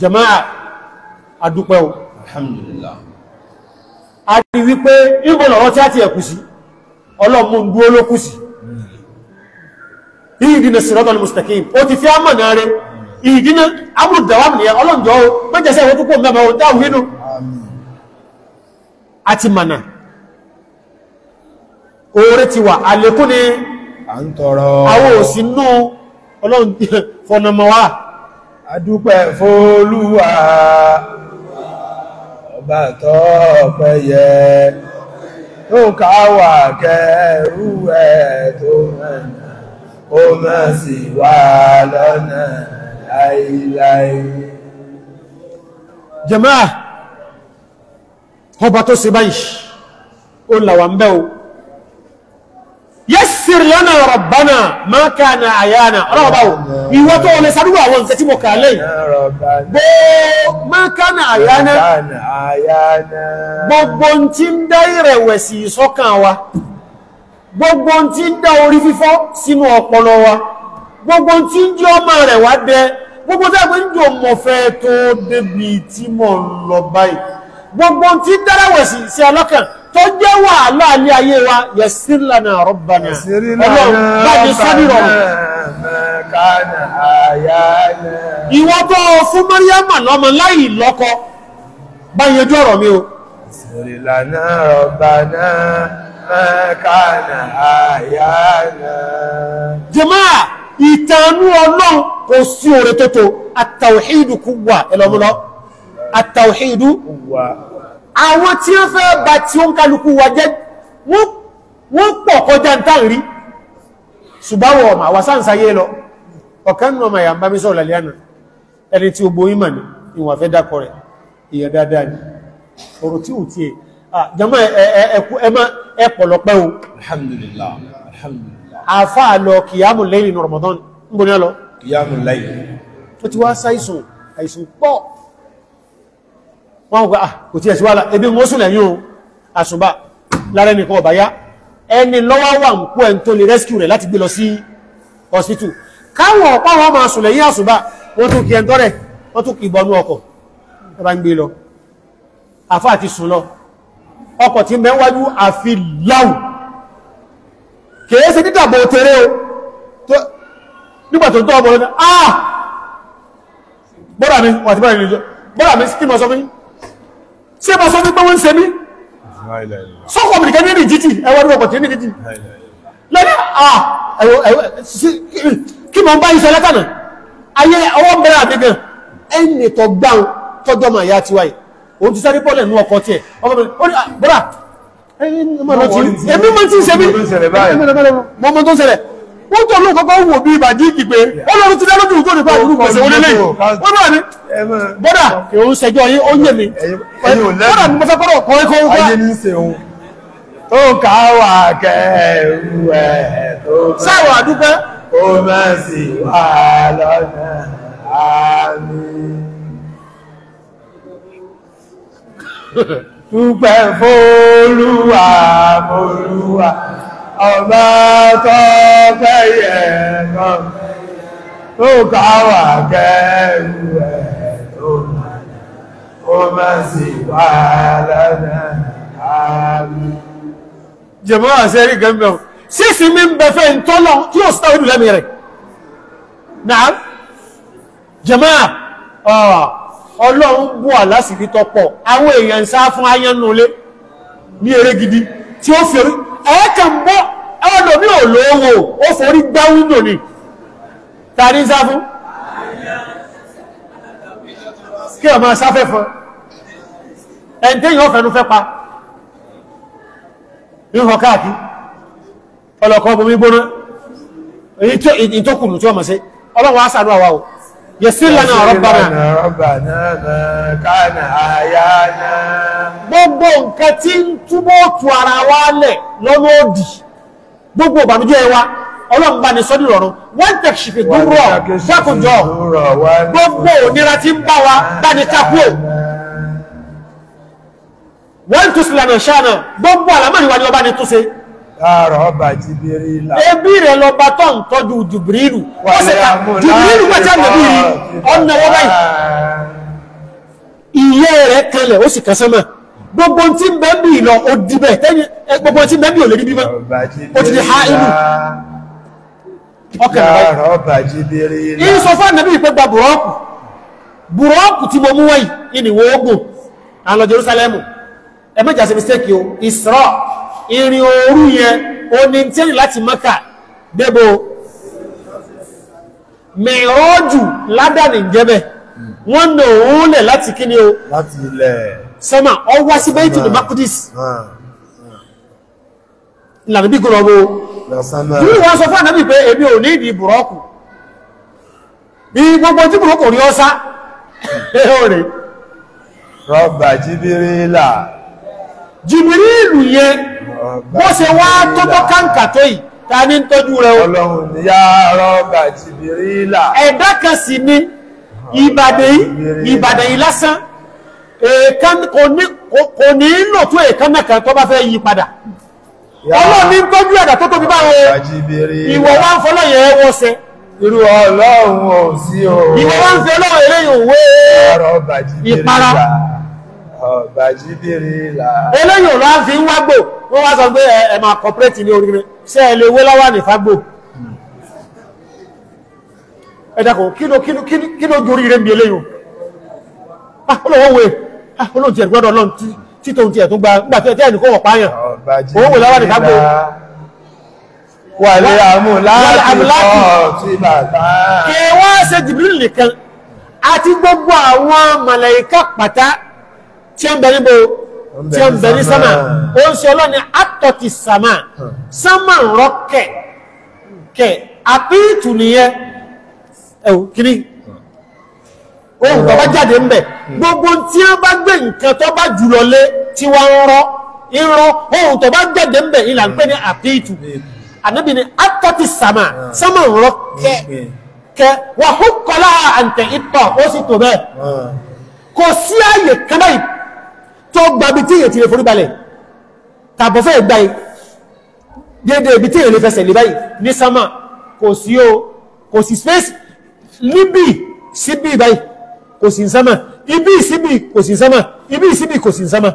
jama'a adúpẹ́ o alhamdulillah a ti wípé ìgbọ̀lọ̀wọ́ a ti ẹ̀kù sí ọlọ́mù ń dúó ló kù sí siratal mustaqim o ti fi ámà náà rẹ ìdínà abúrúdàwàmù ni ọlọ́njọ́ o mẹ́jẹsẹ́ ìwọ́n tó kó mẹ́mẹ́ o dáhùn nínú àti ti ni adúpẹ́ fólúwa ọba tó pẹ́ yẹ tó káwà kẹrù ẹ̀ tó mẹ́nà ó mẹ́ sì wà lọ́nà láìláì jàmáà ọba tó ṣe báyìí ó làwà ń o yẹ́sìrì lọ́nà rabbana máa ká na àyána ọlọ́ọ̀báwò ìwọ́ tó wọlé sàdúgbò àwọn nǹkan tí mo kà lẹ́yìn bó máa ká na àyána gbogbo tí ń dá ìrẹ̀wẹ̀sì sọ́kàn wa gbogbo tí ń dá orí fífọ́ sínú ọpọlọ wa gbogbo tí ń jẹ́ ọmọ rẹ̀ wá dẹ gbogbo tí àgbẹ̀ ń mọ̀ fẹ́ tó débi tí mo lọ báyìí gbogbo tí ń dára wẹ̀sì sí alọ́kàn tó jẹ́ wàhálà ní ayé wa yẹ̀sìn lànà rabbana ọlọ́run bá ní sábìrọ̀ ìwọ tó fún mọ́ríyámà lọ́mọ láì lọ́kọ bá yanjú ọ̀rọ̀ mi o. yẹ̀sìn ìtànú ọlọ́run kò sí òre tó tó àtàwíìdù kúwà ẹlọmọlọ àtàwíìdù àwọn tí ó fẹ́ bá tí ó ń kálukú wa jẹ́ wọ́n pọ̀ kọjá ń tàrí ṣùgbáwọ̀ ọmọ àwàsáǹsáyé lọ ọ̀kan náà màá yàmbá mísọ̀ lálẹ́ àná ẹni tí ó gbó ìmọ̀ ní ìwọ̀n fẹ́ dákọ̀ rẹ̀ ìyẹ̀ dáadáa ni ọ̀rọ̀ tí ò tí ẹ̀ alhamdulillah alhamdulillah àfá lọ kìyàmù lẹ́yìn Ramadan ń bọ́ ní àlọ́ kìyàmù lẹ́yìn ó ti wọ́n gbà ah, kò tí ẹ̀sí wàhálà ebi wọ́n sùn lẹ́yìn àṣùbà lára ẹnìkan ọ̀bá yá ẹni lọ́wọ́ wà ń kó ẹn tó lè rescue rẹ̀ láti gbé lọ sí hospital káwọn ọ̀pá wọn máa sùn lẹ́yìn àṣùbà wọ́n tún kí ẹn tọ́rẹ̀ wọ́n tún kì bọnú ọkọ̀ ẹ bá ń gbé lọ àfá àti sùn lọ ọkọ̀ tí mẹ́ wájú àfi láwù kèé sí dídàbò tẹ́rẹ́ o nígbà tó tọ́ ọmọ lọ́nà ah bọ́dà mi wà ti bọ́dà mi kí mọ́ sọ fún yín se bá sọ fún pé wọ́n ń ṣe mí sọ́kọ̀ mi nìkan ní èdè jíjì ẹwà ní ọkọ̀ tí ó ní èdè jíjì lẹ́yìn ah kí mọ̀ ń bá iṣẹ́ lẹ́tànà ayé ọwọ́ bẹ̀rẹ̀ àgbẹ̀gàn ẹni tó gbáhùn tọ́jọ́ máa yá ti wáyé òun ti sáré bọ́ọ̀lẹ̀ nú ọkọ̀ tiẹ̀ ọkọ̀ mi ó ní bọ́dà èmi máa ti ń ṣe mí mọ́ mọ́ tó ń ṣẹlẹ̀ wọ́n tó lóun kọ́kọ́ wò bí ìbàdí ìkì pé ó lọ́run ti dálójú tó nípa ìlú pèsè wọlé lẹ́yìn wọ́n náà ni bọ́dà òun ṣẹjọ́ yín ó yẹ mi bọ́dà ni mo fẹ́ kọ́rọ̀ kọ́ ikọ́ ikọ́. ayé ní ṣe òun tó ká wà kẹrù ẹ̀ tó bẹ́ẹ̀ sáwà dúpẹ́. ó má sì wà lọ́nà àmì. dúpẹ́ fóòlùwà fóòlùwà ọba tó fẹ́yẹ kọ́ tó káwà kẹ́rù ẹ̀ tó mọ̀ ó má sì wà lọ́nà àmì. jẹ̀mọ́ àṣẹ rí gẹ́gbẹ̀ ọ̀ sísì mi ń bẹ̀fẹ́ ń tọ́lọ tí ó sọ ìlú rẹ̀ náà jẹ̀mọ́ ọlọ́run bú àlásìkí tọ́pọ̀ àwọn èèyàn sá fún ayánnulé ní eré gidi tí ó fi orí ẹ̀ẹ́kà ń bọ́ ẹlòmí ò lówó ó forí gbá wíńdò ni ta ní sá fún kí ọmọ sáfẹ́ fún ẹ̀ǹtẹ́yìn ọ̀fẹ́nu fẹ́ pa ní ọkọ̀ káàkiri ọlọ́kọ̀ ọmọ mi gbóná èyí tó kùnù tí ọmọ sí ọlọ́wọ́ á sànú àwa o yẹsí lana rọ́bàna kánà àyáná gbogbo nǹkan tí ń túbọ̀ tu ara wa lẹ̀ lọ́nà òdì gbogbo ìbànújẹ́ wa ọlọ́mbà ní sọ́dí rọrùn wọ́n tẹ̀ṣìfì dúró dákùnjọ́ gbogbo òníra tí ń bá wa bá ní kápò wọ́n tún sí lànà ṣáà náà gbogbo àlámọ́ ìwà ni ọba ní túnṣe láàrọ̀ ọba jìbìrì ìlà. ebi rẹ̀ lọ bá tọ́ ń tọ́jú jìbìrìlù ó sì ká jìbìrìlù wà tí a nàbí rí ọ̀nà wọ́n báyìí. ìyẹ́ rẹ̀ kalẹ̀ ó sì kásán mọ́ gbogbo tí ń bẹ́ẹ̀ bì lọ ó di bẹ́ẹ̀ tẹ́yìn gbogbo tí ń bẹ́ẹ̀ bì ò lè rí bí mọ́ ó ti di ha inú. láàrọ̀ ọba jìbìrì ìlà. ìyẹn sọ fún ìrìn òru yẹn ó ní tẹ́lẹ̀ láti mọ́kà débò mẹ́rọ́jù ládàní jẹ́bẹ̀ wọ́n nà òun lẹ̀ láti kí ni o láti ilẹ̀ sọ́mà ọ wá sí bẹ́ẹ̀tì ní bakudis ìlànà ah. ah. bí gọ́rọ̀ bó yìí wọ́n sọ fún ànábì pé èmi ò ní ìdí burọ́kù bí gbogbo tí burọ́kù rí ọ́sá rọ́bà jìbìrìlà jìbìrìlù yẹn bó ṣe wá tótó kàǹkà tó yìí ta ní ń tọ́jú rẹ̀ o. ọlọ́run ní yá rọ́bà jìbìrìlà. ẹ̀dá kan sì ni ìbàdàn yìí ìbàdàn yìí lásán kò ní lò tó èèkan kan tó bá fẹ́ yí padà ọlọ́run ní ń tọ́jú ẹ̀dá tó tóbi báwo ìwọ wá ń fọlọ́ yẹn wọ́n ṣe irú ọlọ́run ò sí o ìwọ wá ń fi ọlọ́run eré ìwé ìpara ọ̀bàjíbìrì là eléyìí ò lọ́ fi ń wágbò wọ́n wá sọ pé ẹ máa kọ̀pẹ́rẹ́tì ní oríire ṣé ẹ lè wé láwà ní fágbò ẹ dákun kí ló ju oríire ń bi eléyìí o olówó we olóhùn tiẹ̀ gbọ́dọ̀ ọlọ́run tí tóun tiẹ̀ tún gba nígbà tí ẹ̀ ní kó wọ̀ pààyàn owó wé láwà ní fágbò wàlé àmúláàtì kọ́ tí bàbá. kí wọ́n ṣe Jibril nìkan àti gbogbo àwọn màláíkà pátá tí ń bẹ níbo tí ó ń bẹ ní sánmà ó ń ṣe ọlọ́ni àtọ̀tì sánmà sánmà ń rọ kẹ̀ kẹ̀ àpíìtù nìyẹn ẹ̀wù kiri ohun bàbá jáde ń bẹ̀ gbogbo tí wọ́n bá gbé nǹkan tó bá jùlọ lé tí wọ́n ń rọ ń rọ ohun tó bá jáde ń bẹ̀ ìlà ń pè ní àpíìtù ànábì ni àtọ̀tì sánmà sánmà ń rọ kẹ̀ kẹ̀ wàhùn kọ́lá àǹtẹ̀ ìtọ̀ ó sì tó bẹ́ẹ̀ ah. kò sí àyè kan báyìí tó gbabi tí èyàn ti lè forí balẹ̀ tàbọ̀fẹ́ ìgbà dédé ibi tí èyàn lè fẹsẹ̀ lè báyìí ní sámà kò sí o kò sí space níbi síbí báyìí kò sí sámà ibi síbí kò sí sámà ibi síbí kò sí sámà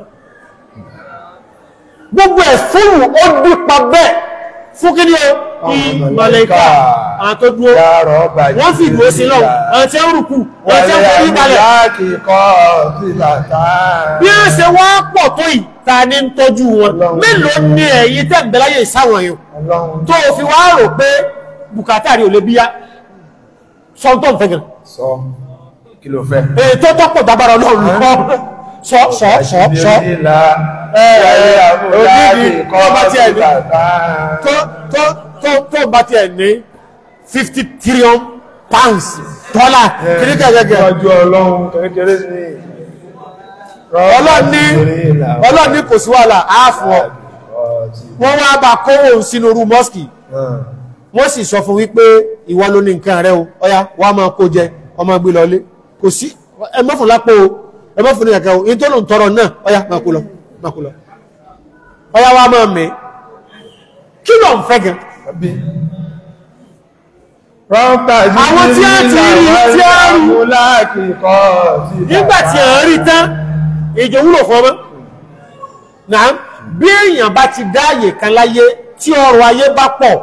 gbogbo ẹ̀ fún ó dípa bẹ́ẹ̀ fún kí ni o mọ̀lẹ́kà àwọn tó dúró wọ́n fi ìdúró sí lọ́wọ́ àwọn tí ó rùkù àwọn tí ó forí balẹ̀. bí ó ṣe wá pọ̀ tó yìí ta ní ń tọ́jú wọn mélòó ni ẹ̀yin tẹ̀m̀bẹ́láyè sáwọn yìí tó fi wá rò pé bùkátà rí ò lè bíyá sọ́ńtọ̀ ń fẹ́gàn. sọ kí ló fẹ́. ètò tọ́pọ̀ dábàrà ọlọ́run kọ́ sọ sọ sọ sọ ẹ ẹ onídìí kọ́ bá tiẹ̀ ní tó tó tó bá tiẹ̀ ní fifty trillion pounds dọ́là kìrìkà gẹ́gẹ́. ọjọ́ ọlọ́run kékeré sí i. ọlọ́ni ọlọ́ni kò sí wàhálà á fún ọ. wọ́n wá bá kówó sínú rú mọ́sìkì eh. wọ́n sì sọ fún wípé ìwọ ló ní nǹkan rẹ o ọ̀yá wàá máa kó jẹ ọmọ gbé lọlé kò sí ẹ má lápò o ẹ má ní kàkà o ní tó ló ń tọrọ náà ọ̀yá máa kú lọ máa kú lọ ọ̀yá wàá máa mẹ́ kí ló ń fẹ́ gan àwọn tí a ti rí tí a rú nígbàtí a rí tán ìjọ wúlò fọ́mọ́ náà bí èèyàn bá ti dáàyè kan láyé tí ọrọ̀ ayé bá pọ̀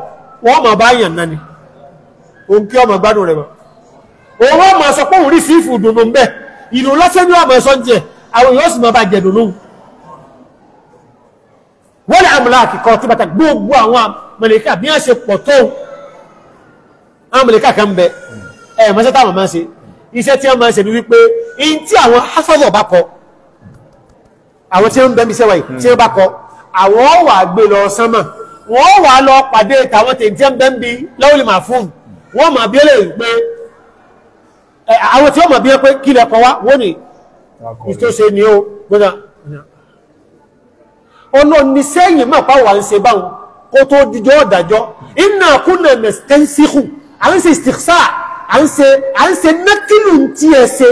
wọ́n mọ̀ bá yàn náà ni òun kí ọmọ gbádùn rẹ̀ mọ̀ òun ọmọ sọ pé òun rí sí ìfù dùnú mbẹ́ ìlú lọ́sẹ̀ ní ọmọ ẹ̀sọ́ jẹ àwọn èèyàn sì mọ̀ bá jẹ dùnú wọ́n lè àmúlá àkìkọ́ tí bàtà gbogbo àwọn mọ̀lẹ́kà bí wọ́n ṣe pọ̀ tó àwọn mọ̀lẹ́kà kan bẹ ẹ̀ mọ́sẹ́ táwọn máa ṣe iṣẹ́ tí wọ́n máa ṣe ní wípé in tí àwọn hafọ́lọ̀ bá kọ àwọn tí wọ́n bẹ́ mi sẹ́wà yìí tí wọ́n bá kọ àwọn wà gbé lọ sánmà wọ́n wà lọ pàdé tàwọn tèmi tí wọ́n bẹ́ ń bi lọ́wọ́lì máa fún wọ́n máa bí ẹlẹ́yìn pé àwọn tí wọ́n máa bí ẹ pé kí lẹ́kọ̀ọ́ wá wọ́n ní ìtòsẹ́ ni ó gbọ́dọ̀ ọlọ́ni sẹ́yìn mọ̀ pàwọ̀ à ń ṣe báwọn kó tó dijọ́ ọ̀dàjọ́ iná kúnà mẹ́sítẹ́nsíkù à ń ṣe ìsìkṣà à ń ṣe à ń ṣe nẹ́kìlù tí ẹ ṣe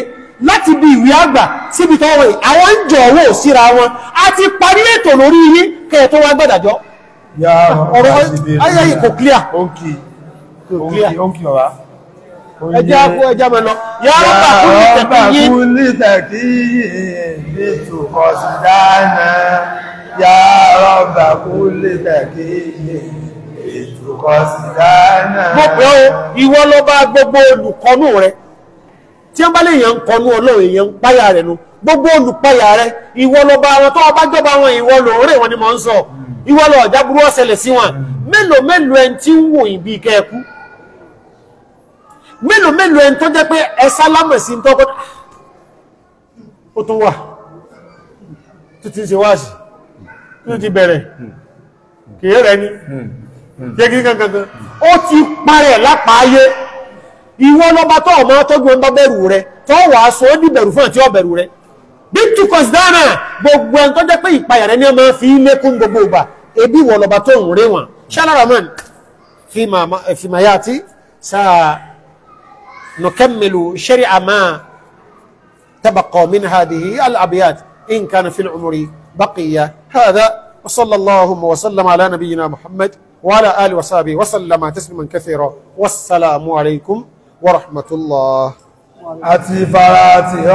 láti bí ìwé àgbà síbi tó wọ̀ àwọn ń jọ owó síra wọn a ti parí ètò lórí yín kẹ́ ẹ̀ tó wá gbàdàjọ́ ọ̀rọ̀ ayẹyẹ kò clear kò clear ẹjẹ́ akú ẹjẹ́ mẹ́ lọ yà rọ́bà kúlítẹ̀kì yìí yá rọ́bà kú lè tàkì ilé ìtùkọ́ sí dáná. mo pè ó ìwọ ló bá gbogbo olùkọ́nù rẹ tí wọ́n bá lè yàn ń kọ́nù ọlọ́run èèyàn ń páyà rẹ̀ nu gbogbo olùpáyà rẹ ìwọ ló bá wọn tó ọba jọba wọn ìwọ lóore wọn ni mò ń sọ ìwọ lọ ọjà burú ọ̀sẹ̀lẹ̀ sí wọn mélòó mélòó ẹni tí ń wò yín bíi kẹ́ẹ̀kú mélòó mélòó ẹni tó jẹ́ pé ẹ sálámọ̀ sí ń tọ́kọ́ ó tún wà tó ti ń ṣe wáàsì tó ti bẹ̀rẹ̀ kìí rẹ̀ ni jẹ́ kí kankan ó ti parẹ̀ lápáyé ìwọ lọ́ba tó ọmọ tọ́gbọ́n bá bẹ̀rù rẹ tó wàá sọ ó ní bẹ̀rù fún àti ọ̀bẹ̀rù rẹ bí tukọ̀s dáná gbogbo ẹni tó jẹ́ pé ìpayà rẹ ní ọmọ fi lékún gbogbo ìgbà ebi ìwọ lọ́ba tó ń rí wọn ṣálárọ̀mọ́n fìmàyà àti sáà nùkẹ́mìlù ṣẹ́rí àmà tabaqqa min hadhihi al-abyat in kana بقية هذا وصلى اللهم وسلم على نبينا محمد وعلى آله وصحبه وسلم تسليما كثيرا والسلام عليكم ورحمة الله أتي فراتي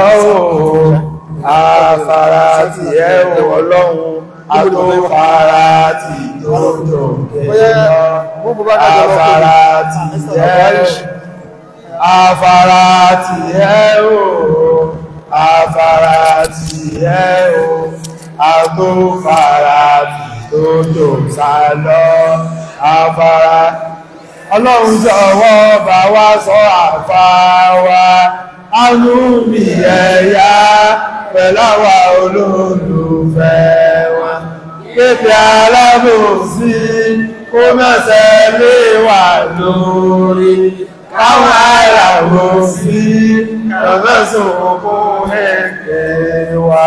ti ẹ أو àfara ti ẹ o ọlọ́run àtòfara ti dòdò agbófara tó tò sá lọ afárá ọlọ́run jọ̀wọ́ bá wá sọ àfáwá anúbì ẹ̀yà pẹ̀láwà olólùfẹ́ wa kéfì alábòsí kó mẹ́sẹ̀ lé wà lórí káwọn alábòsí kàmẹ́sùn kó ẹ̀kẹ́ wa